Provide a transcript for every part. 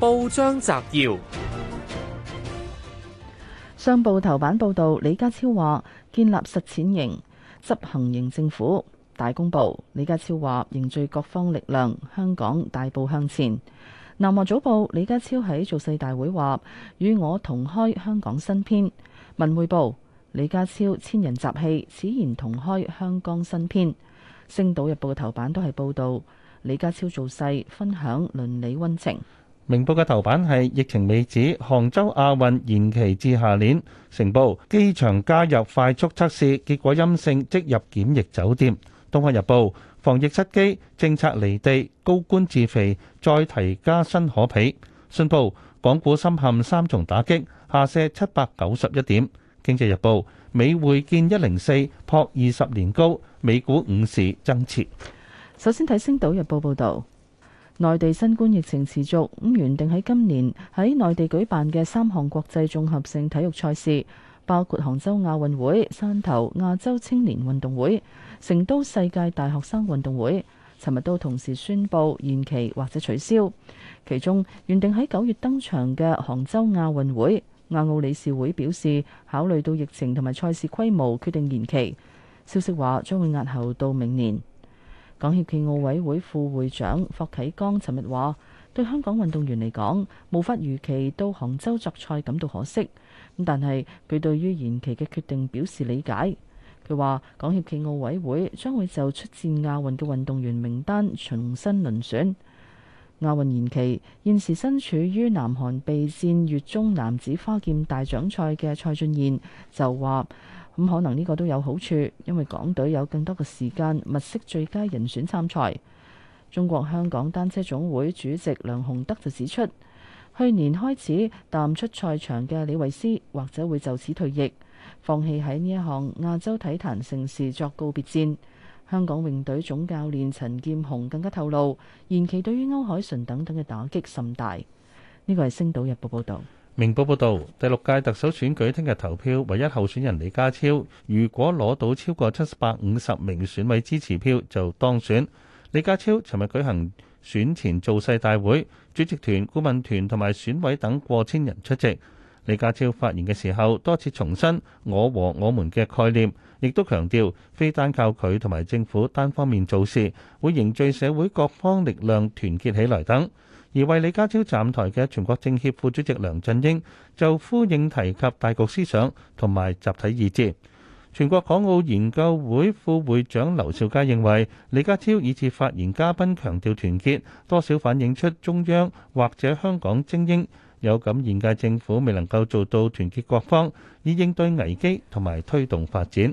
報章摘要：商報頭版報道，李家超話建立實踐型執行型政府。大公報，李家超話凝聚各方力量，香港大步向前。南華早報，李家超喺造勢大會話與我同開香港新篇。文匯報，李家超千人集氣，此言同開香港新篇。星島日報嘅頭版都係報道李家超造勢，分享倫理溫情。明報嘅頭版係疫情未止，杭州亞運延期至下年。成報，機場加入快速測試，結果陰性即入檢疫酒店。東方日報，防疫失機，政策離地，高官自肥，再提加薪可比。信報，港股深陷三重打擊，下瀉七百九十一點。經濟日報，美匯見一零四，破二十年高，美股午市增設。首先睇星島日報報導。內地新冠疫情持續，咁原定喺今年喺內地舉辦嘅三項國際綜合性體育賽事，包括杭州亞運會、汕頭亞洲青年運動會、成都世界大學生運動會，尋日都同時宣布延期或者取消。其中原定喺九月登場嘅杭州亞運會，亞奧理事會表示考慮到疫情同埋賽事規模，決定延期。消息話將會押後到明年。港協暨奧委會副會長霍啟剛尋日話：對香港運動員嚟講，無法如期到杭州作賽感到可惜。咁但係佢對於延期嘅決定表示理解。佢話：港協暨奧委會將會就出戰亞運嘅運動員名單重新遴選。亞運延期，現時身處於南韓備戰月中男子花劍大獎賽嘅蔡俊彥就話：咁、嗯、可能呢個都有好處，因為港隊有更多嘅時間物色最佳人選參賽。中國香港單車總會主席梁鴻德就指出，去年開始淡出賽場嘅李慧詩或者會就此退役，放棄喺呢一項亞洲體壇盛事作告別戰，香港泳隊總教練陳劍雄更加透露，延期對於歐海純等等嘅打擊甚大。呢個係星島日報報道。明報報導，第六屆特首選舉聽日投票，唯一候選人李家超如果攞到超過七百五十名選委支持票就當選。李家超尋日舉行選前造勢大會，主席團、顧問團同埋選委等過千人出席。李家超發言嘅時候多次重申我和我們嘅概念，亦都強調非單靠佢同埋政府單方面做事，會凝聚社會各方力量團結起來等。而為李家超站台嘅全國政協副主席梁振英就呼應提及大局思想同埋集體意志。全國港澳研究會副會長劉兆佳認為，李家超以至發言嘉賓強調團結，多少反映出中央或者香港精英有感現屆政府未能夠做到團結各方，以應對危機同埋推動發展。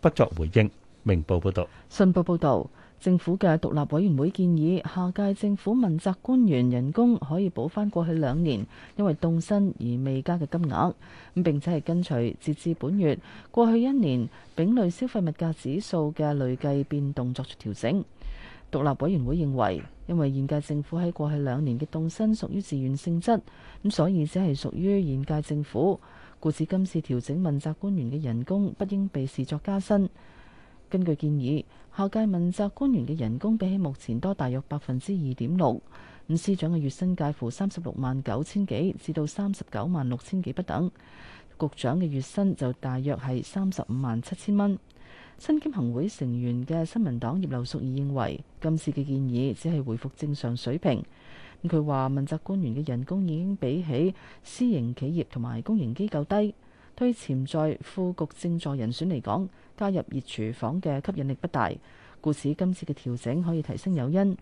不作回應。明報報導，信報報導，政府嘅獨立委員會建議下屆政府問責官員人工可以補翻過去兩年因為凍薪而未加嘅金額，咁並且係跟隨截至本月過去一年丙類消費物價指數嘅累計變動作出調整。獨立委員會認為，因為現屆政府喺過去兩年嘅凍薪屬於自願性質，咁所以只係屬於現屆政府。故此，今次調整問責官員嘅人工，不應被視作加薪。根據建議，下屆問責官員嘅人工比起目前多大約百分之二點六五。咁司長嘅月薪介乎三十六萬九千幾至到三十九萬六千幾不等，局長嘅月薪就大約係三十五萬七千蚊。新兼行會成員嘅新民黨葉劉淑儀認為，今次嘅建議只係回復正常水平。佢話：問責官員嘅人工已經比起私營企業同埋公營機構低，對潛在副局政助人選嚟講，加入熱廚房嘅吸引力不大。故此，今次嘅調整可以提升誘因。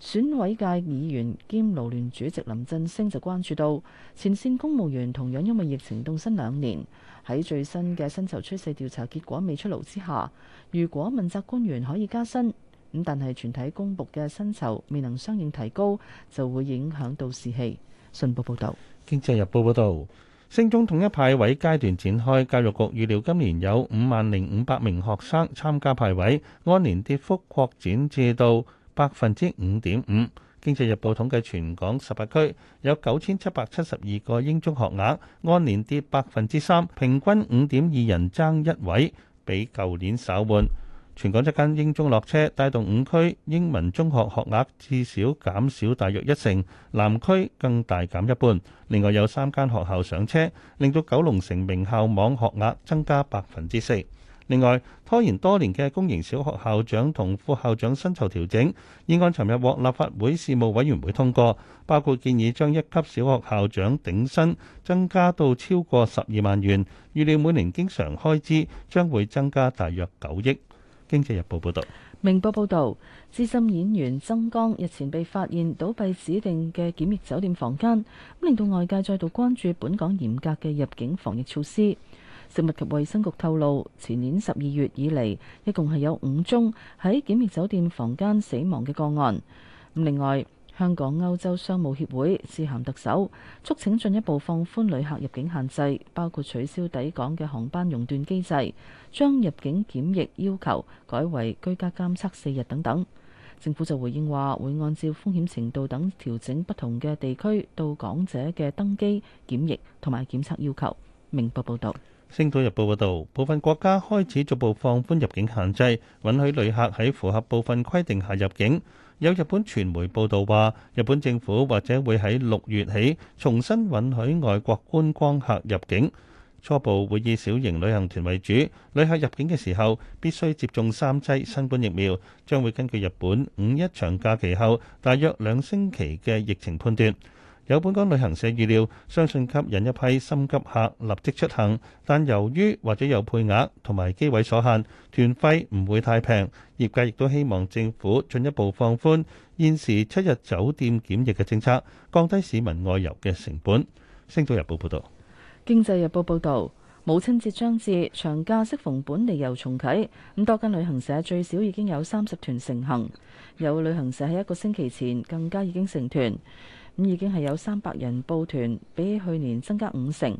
選委界議員兼勞聯主席林振昇就關注到，前線公務員同樣因為疫情凍薪兩年，喺最新嘅薪酬趨勢調查結果未出爐之下，如果問責官員可以加薪。咁但係，全體公僕嘅薪酬未能相應提高，就會影響到士氣。信報報導，《經濟日報》報道：升中統一派位階段展開，教育局預料今年有五萬零五百名學生參加派位，按年跌幅擴展至到百分之五點五。《經濟日報》統計，全港十八區有九千七百七十二個英中學額，按年跌百分之三，平均五點二人爭一位，比舊年稍緩。全港一間英中落車，帶動五區英文中學學額至少減少大約一成，南區更大減一半。另外有三間學校上車，令到九龍城名校網學額增加百分之四。另外拖延多年嘅公營小學校長同副校長薪酬調整，議案尋日獲立法會事務委員會通過，包括建議將一級小學校長頂薪增加到超過十二萬元，預料每年經常開支將會增加大約九億。《經濟日報》報道，《明報》報導，資深演員曾江日前被發現倒斃指定嘅檢疫酒店房間，令到外界再度關注本港嚴格嘅入境防疫措施。食物及衛生局透露，前年十二月以嚟，一共係有五宗喺檢疫酒店房間死亡嘅個案。另外，香港歐洲商務協會致函特首，促請進一步放寬旅客入境限制，包括取消抵港嘅航班熔斷機制，將入境檢疫要求改為居家監測四日等等。政府就回應話會按照風險程度等調整不同嘅地區到港者嘅登機檢疫同埋檢測要求。明報報道。星島日報報道，部分國家開始逐步放寬入境限制，允許旅客喺符合部分規定下入境。有日本傳媒報導話，日本政府或者會喺六月起重新允許外國觀光客入境。初步會以小型旅行團為主，旅客入境嘅時候必須接種三劑新冠疫苗，將會根據日本五一長假期後大約兩星期嘅疫情判斷。有本港旅行社預料，相信吸引一批心急客立即出行，但由於或者有配額同埋機位所限，團費唔會太平。業界亦都希望政府進一步放寬現時七日酒店檢疫嘅政策，降低市民外遊嘅成本。星島日報報道，經濟日報報道，母親節將至，長假適逢本地遊重啟，咁多間旅行社最少已經有三十團成行，有旅行社喺一個星期前更加已經成團。咁已經係有三百人報團，比去年增加五成。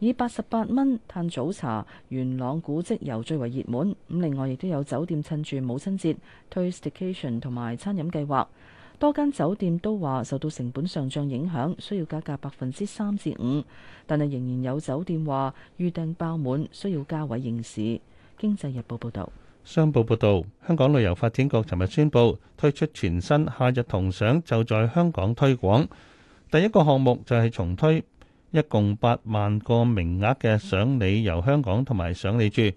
以八十八蚊嘆早茶、元朗古蹟遊最為熱門。咁另外亦都有酒店趁住母親節推 staycation 同埋餐飲計劃。多間酒店都話受到成本上漲影響，需要加價百分之三至五，但係仍然有酒店話預訂爆滿，需要加位應市。經濟日報報導。商報報導，香港旅遊發展局尋日宣布推出全新夏日同賞，就在香港推廣。第一個項目就係重推，一共八萬個名額嘅賞你遊香港同埋賞你住，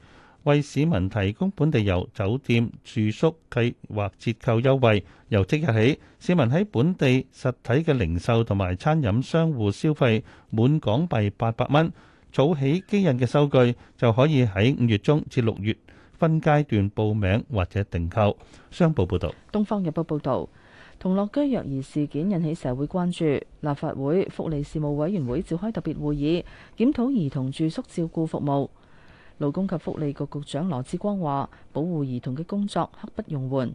為市民提供本地遊酒店住宿計劃折扣優惠。由即日起，市民喺本地實體嘅零售同埋餐飲商戶消費滿港幣八百蚊，儲起機印嘅收據就可以喺五月中至六月。分階段報名或者訂購。商報報道，東方日報報道，童樂居虐兒事件引起社會關注，立法會福利事務委員會召開特別會議，檢討兒童住宿照顧服務。勞工及福利局局長羅致光話：保護兒童嘅工作刻不容緩。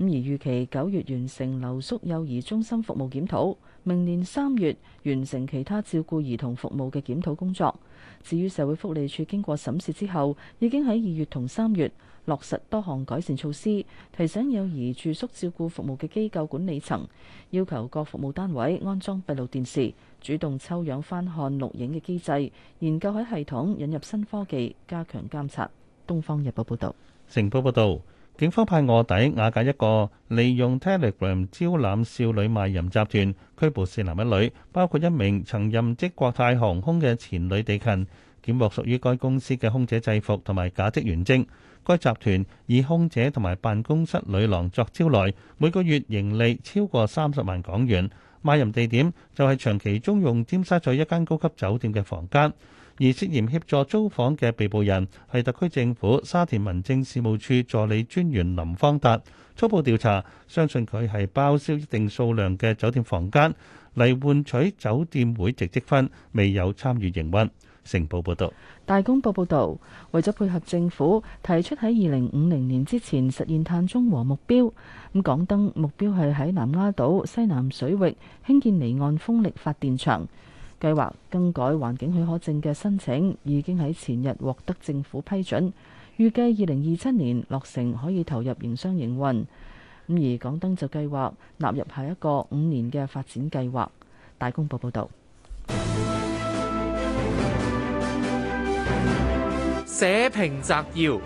咁而預期九月完成留宿幼兒中心服務檢討，明年三月完成其他照顧兒童服務嘅檢討工作。至於社會福利署經過審視之後，已經喺二月同三月落實多項改善措施，提醒幼兒住宿照顧服務嘅機構管理層，要求各服務單位安裝閉路電視，主動抽樣翻看錄影嘅機制，研究喺系統引入新科技加強監察。《東方日報》報道。《成報》報道。警方派臥底瓦解一個利用 Telegram 招攬少女賣淫集團，拘捕四男一女，包括一名曾任職國泰航空嘅前女地勤，檢獲屬於該公司嘅空姐制服同埋假職員證。該集團以空姐同埋辦公室女郎作招來，每個月盈利超過三十萬港元。賣淫地點就係長期租用尖沙咀一間高級酒店嘅房間。而涉嫌協助租房嘅被捕人係特區政府沙田民政事務處助理專員林方達。初步調查相信佢係包銷一定數量嘅酒店房間嚟換取酒店會籍積分，未有參與營運。成報報道。大公報報道，為咗配合政府提出喺二零五零年之前實現碳中和目標，咁港燈目標係喺南丫島西南水域興建離岸風力發電場。計劃更改環境許可證嘅申請已經喺前日獲得政府批准，預計二零二七年落成可以投入營商營運。咁而港燈就計劃納入下一個五年嘅發展計劃。大公報報導。社評摘要。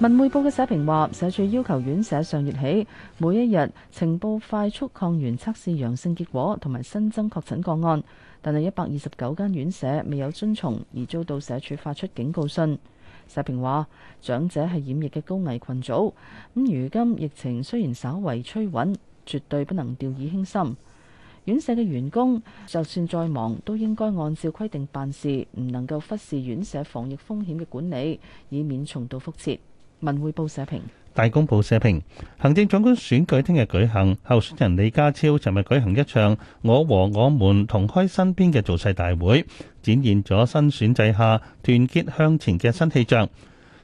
文匯報嘅社評話，社署要求院舍上月起每一日呈報快速抗原測試陽性結果同埋新增確診個案，但係一百二十九間院舍未有遵從，而遭到社署發出警告信。社評話，長者係染疫嘅高危群組，咁如今疫情雖然稍為趨穩，絕對不能掉以輕心。院舍嘅員工就算再忙，都應該按照規定辦事，唔能夠忽視院舍防疫風險嘅管理，以免重蹈覆轍。文匯報社評，大公報社評，行政長官選舉聽日舉行，候選人李家超尋日舉行一場我和我們同開身邊嘅造勢大會，展現咗新選制下團結向前嘅新氣象。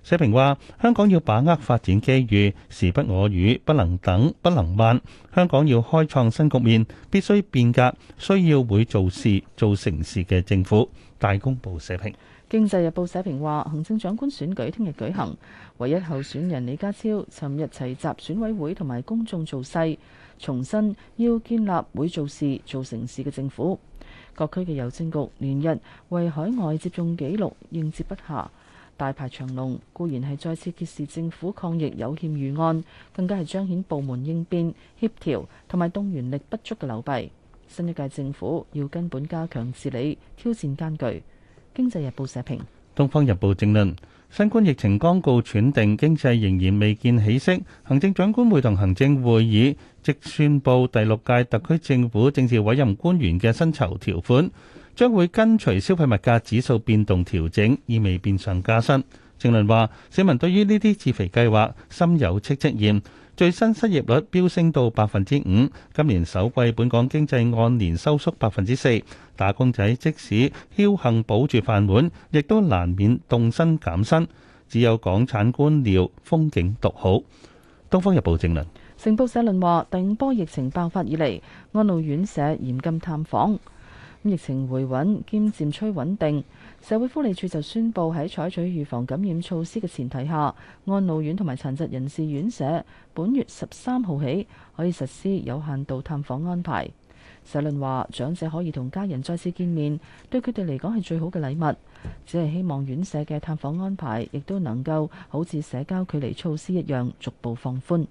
社評話，香港要把握發展機遇，時不我與，不能等，不能慢。香港要開創新局面，必須變革，需要會做事、做成事嘅政府。大公報社評。經濟日報社評話，行政長官選舉聽日舉行，唯一候選人李家超尋日齊集選委會同埋公眾造勢，重申要建立會做事、做成事嘅政府。各區嘅郵政局連日為海外接種記錄應接不暇，大排長龍固然係再次揭示政府抗疫有欠預案，更加係彰顯部門應變協調同埋動員力不足嘅流弊。新一屆政府要根本加強治理，挑戰艱巨。《經濟日報》社評，《東方日報》政論：新冠疫情剛告喘定，經濟仍然未見起色。行政長官會同行政會議即宣佈第六屆特區政府政治委任官員嘅薪酬條款，將會跟隨消費物價指數變動調整，意味變相加薪。政論話：市民對於呢啲自肥計劃心有戚戚焉。最新失業率飆升到百分之五，今年首季本港經濟按年收縮百分之四。打工仔即使僥幸保住飯碗，亦都難免動身減薪。只有港產官僚風景獨好。《東方日報》正論。成報社論話：第五波疫情爆發以嚟，安老院舍嚴禁探訪。疫情回穩，兼漸趨穩定。社會福利署就宣布喺採取預防感染措施嘅前提下，安老院同埋殘疾人士院舍本月十三號起可以實施有限度探訪安排。社論話，長者可以同家人再次見面，對佢哋嚟講係最好嘅禮物。只係希望院舍嘅探訪安排亦都能夠好似社交距離措施一樣逐步放寬。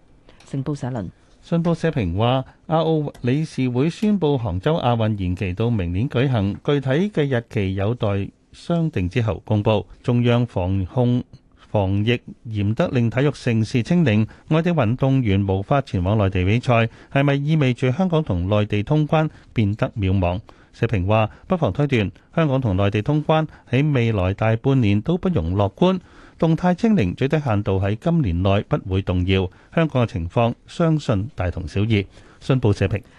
成報社論，信報社評話亞奧理事會宣布杭州亞運延期到明年舉行，具體嘅日期有待商定之後公佈，中央防控防疫嚴得令體育盛事清零，外地運動員無法前往內地比賽，係咪意味住香港同內地通關變得渺茫？社評話：不妨推斷，香港同內地通關喺未來大半年都不容樂觀，動態清零最低限度喺今年內不會動搖，香港嘅情況相信大同小異。信報社評。